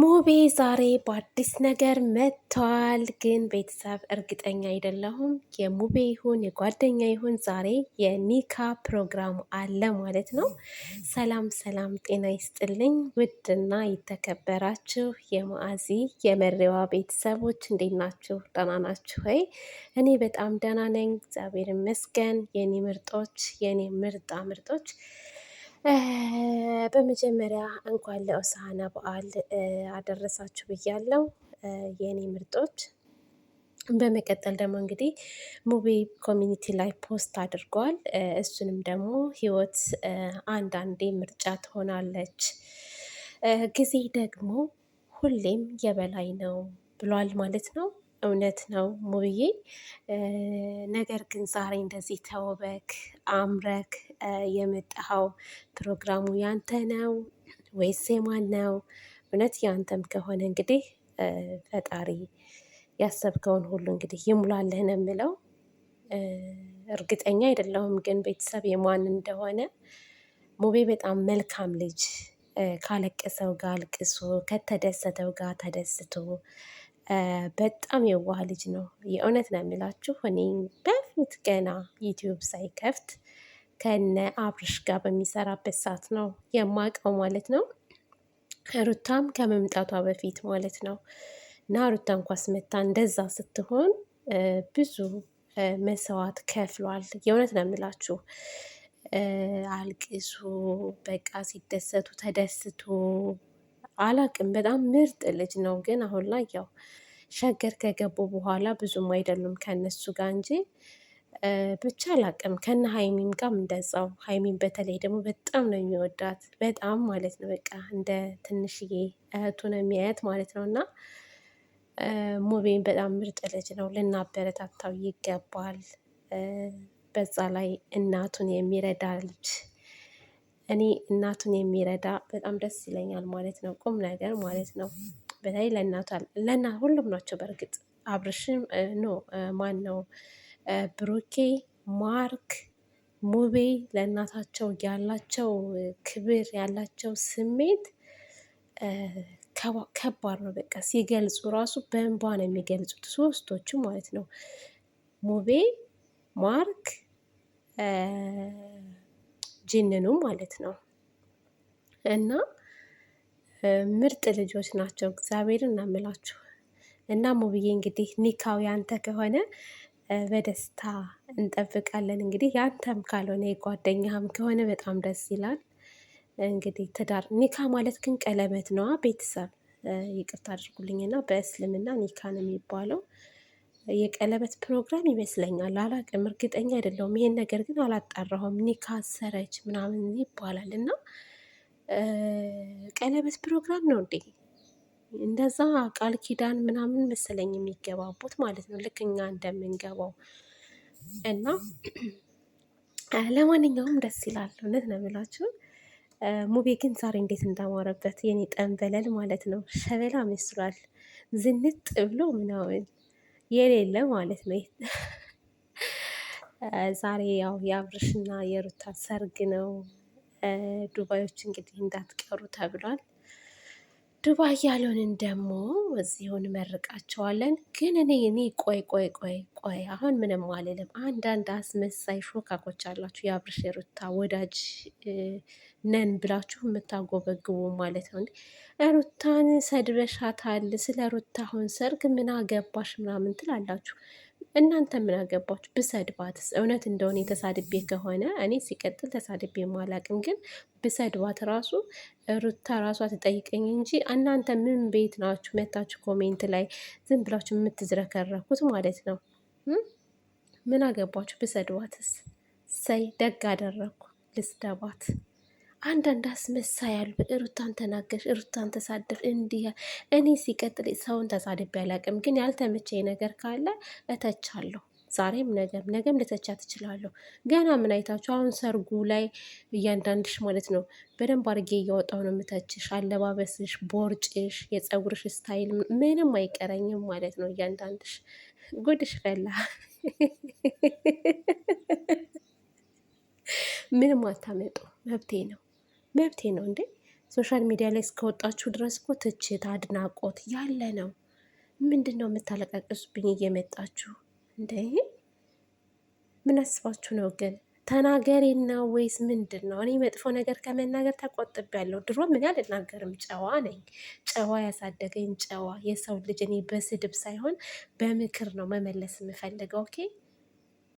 ሙቤ ዛሬ በአዲስ ነገር መጥተዋል። ግን ቤተሰብ እርግጠኛ አይደለሁም የሙቤ ይሁን የጓደኛ ይሁን ዛሬ የኒካ ፕሮግራም አለ ማለት ነው። ሰላም ሰላም፣ ጤና ይስጥልኝ ውድና የተከበራችሁ የማዕዚ የመሬዋ ቤተሰቦች እንዴት ናችሁ? ደህና ናችሁ ወይ? እኔ በጣም ደህና ነኝ፣ እግዚአብሔር ይመስገን። የኔ ምርጦች፣ የኔ ምርጣ ምርጦች በመጀመሪያ እንኳን ለሆሳዕና በዓል አደረሳችሁ ብያለሁ የእኔ ምርጦች። በመቀጠል ደግሞ እንግዲህ ሙቪ ኮሚኒቲ ላይ ፖስት አድርጓል። እሱንም ደግሞ ህይወት አንዳንዴ ምርጫ ትሆናለች፣ ጊዜ ደግሞ ሁሌም የበላይ ነው ብሏል ማለት ነው። እውነት ነው ሙብዬ። ነገር ግን ዛሬ እንደዚህ ተውበክ አምረክ የመጣኸው ፕሮግራሙ ያንተ ነው ወይስ የማን ነው? እውነት ያንተም ከሆነ እንግዲህ ፈጣሪ ያሰብከውን ሁሉ እንግዲህ ይሙላልህ ነው የምለው። እርግጠኛ አይደለሁም ግን ቤተሰብ የማን እንደሆነ ሙቤ በጣም መልካም ልጅ ካለቀሰው ጋር አልቅሶ ከተደሰተው ጋር ተደስቶ በጣም የዋህ ልጅ ነው። የእውነት ነው የምላችሁ እኔ በፊት ገና ዩቲዩብ ሳይከፍት ከነ አብርሽ ጋር በሚሰራበት ሰዓት ነው የማውቀው ማለት ነው። ሩታም ከመምጣቷ በፊት ማለት ነው። እና ሩታ እንኳ ስመታ እንደዛ ስትሆን ብዙ መስዋዕት ከፍሏል። የእውነት ነው የምላችሁ አልቅሱ በቃ ሲደሰቱ ተደስቶ አላቅም በጣም ምርጥ ልጅ ነው። ግን አሁን ላይ ያው ሸገር ከገቡ በኋላ ብዙም አይደሉም ከነሱ ጋር እንጂ ብቻ አላቅም። ከነ ሀይሚም ጋር እንደዛው ሀይሚም በተለይ ደግሞ በጣም ነው የሚወዳት በጣም ማለት ነው። በቃ እንደ ትንሽዬ እህቱ ነው የሚያያት ማለት ነው። እና ሙቤን በጣም ምርጥ ልጅ ነው፣ ልናበረታታው ይገባል። በዛ ላይ እናቱን የሚረዳ ልጅ እኔ እናቱን የሚረዳ በጣም ደስ ይለኛል ማለት ነው። ቁም ነገር ማለት ነው። በተለይ ለእናቷል ለእና ሁሉም ናቸው። በእርግጥ አብርሽም ኖ ማን ነው ብሩኬ፣ ማርክ፣ ሙቤ ለእናታቸው ያላቸው ክብር ያላቸው ስሜት ከባድ ነው። በቃ ሲገልጹ ራሱ በእንባ ነው የሚገልጹት ሶስቶቹ ማለት ነው። ሙቤ ማርክ ጅንኑ ማለት ነው። እና ምርጥ ልጆች ናቸው። እግዚአብሔር እናምላችሁ እና ሙብዬ እንግዲህ ኒካው ያንተ ከሆነ በደስታ እንጠብቃለን። እንግዲህ ያንተም ካልሆነ የጓደኛህም ከሆነ በጣም ደስ ይላል። እንግዲህ ትዳር ኒካ ማለት ግን ቀለበት ነዋ። ቤተሰብ ይቅርታ አድርጉልኝና በእስልምና ኒካ ነው የሚባለው። የቀለበት ፕሮግራም ይመስለኛል። አላቅም፣ እርግጠኛ አይደለሁም። ይሄን ነገር ግን አላጣራሁም። ኒካ ሰረች ምናምን ይባላል እና ቀለበት ፕሮግራም ነው እንዴ? እንደዛ ቃል ኪዳን ምናምን መሰለኝ የሚገባቡት ማለት ነው፣ ልክ እኛ እንደምንገባው እና ለማንኛውም ደስ ይላል። እውነት ነው የምላችሁ። ሙቤ ግን ዛሬ እንዴት እንዳማረበት የኔ ጠንበለል ማለት ነው። ሸበላ መስሏል፣ ዝንጥ ብሎ ምናምን የሌለ ማለት ነው። ዛሬ ያው የአብርሽና የሩታ ሰርግ ነው። ዱባዮች እንግዲህ እንዳትቀሩ ተብሏል። ዱባይ ያለውን ደግሞ እዚሁን መርቃቸዋለን። ግን እኔ እኔ ቆይ ቆይ ቆይ ቆይ አሁን ምንም አልልም። አንዳንድ አስመሳይ ሾካኮች አላችሁ፣ የአብርሽ ሩታ ወዳጅ ነን ብላችሁ የምታጎበግቡ ማለት ነው። ሩታን ሰድበሻታል። ስለ ሩታ አሁን ሰርግ ምን አገባሽ ምናምን ትላላችሁ። እናንተ ምን አገባችሁ ብሰድባትስ? እውነት እንደሆነ የተሳድቤ ከሆነ እኔ ሲቀጥል ተሳድቤ ማላቅም፣ ግን ብሰድባት ራሱ ሩታ ራሷ ትጠይቀኝ እንጂ እናንተ ምን ቤት ናችሁ መታችሁ ኮሜንት ላይ ዝም ብላችሁ የምትዝረከረኩት ማለት ነው። ምን አገባችሁ ብሰድባትስ? ሰይ ደግ አደረግኩ ልስደባት። አንዳንድ አስመሳ ያሉ ሩታን ተናገርሽ፣ ሩታን ተሳደፍ እንዲህ እኔ ሲቀጥል ሰውን ተሳድቤ አላቅም፣ ግን ያልተመቸኝ ነገር ካለ እተቻለሁ። ዛሬም ነገም ነገም ልተቻ ትችላለሁ። ገና ምን አይታችሁ አሁን ሰርጉ ላይ እያንዳንድሽ ማለት ነው በደንብ አድርጌ እያወጣው ነው የምተችሽ። አለባበስሽ፣ ቦርጭሽ፣ የፀጉርሽ ስታይል ምንም አይቀረኝም ማለት ነው እያንዳንድሽ። ጉድሽ ፈላ። ምንም አታመጡ፣ መብቴ ነው። መብቴ ነው እንዴ? ሶሻል ሚዲያ ላይ እስከወጣችሁ ድረስ እኮ ትችት፣ አድናቆት ያለ ነው። ምንድን ነው የምታለቃቅሱብኝ እየመጣችሁ እንደ ምን አስባችሁ ነው ግን? ተናገሬን ነው ወይስ ምንድን ነው? እኔ መጥፎ ነገር ከመናገር ተቆጥቤያለሁ። ድሮ ምን አልናገርም፣ ጨዋ ነኝ። ጨዋ ያሳደገኝ ጨዋ የሰው ልጅ እኔ በስድብ ሳይሆን በምክር ነው መመለስ የምፈልገው። ኦኬ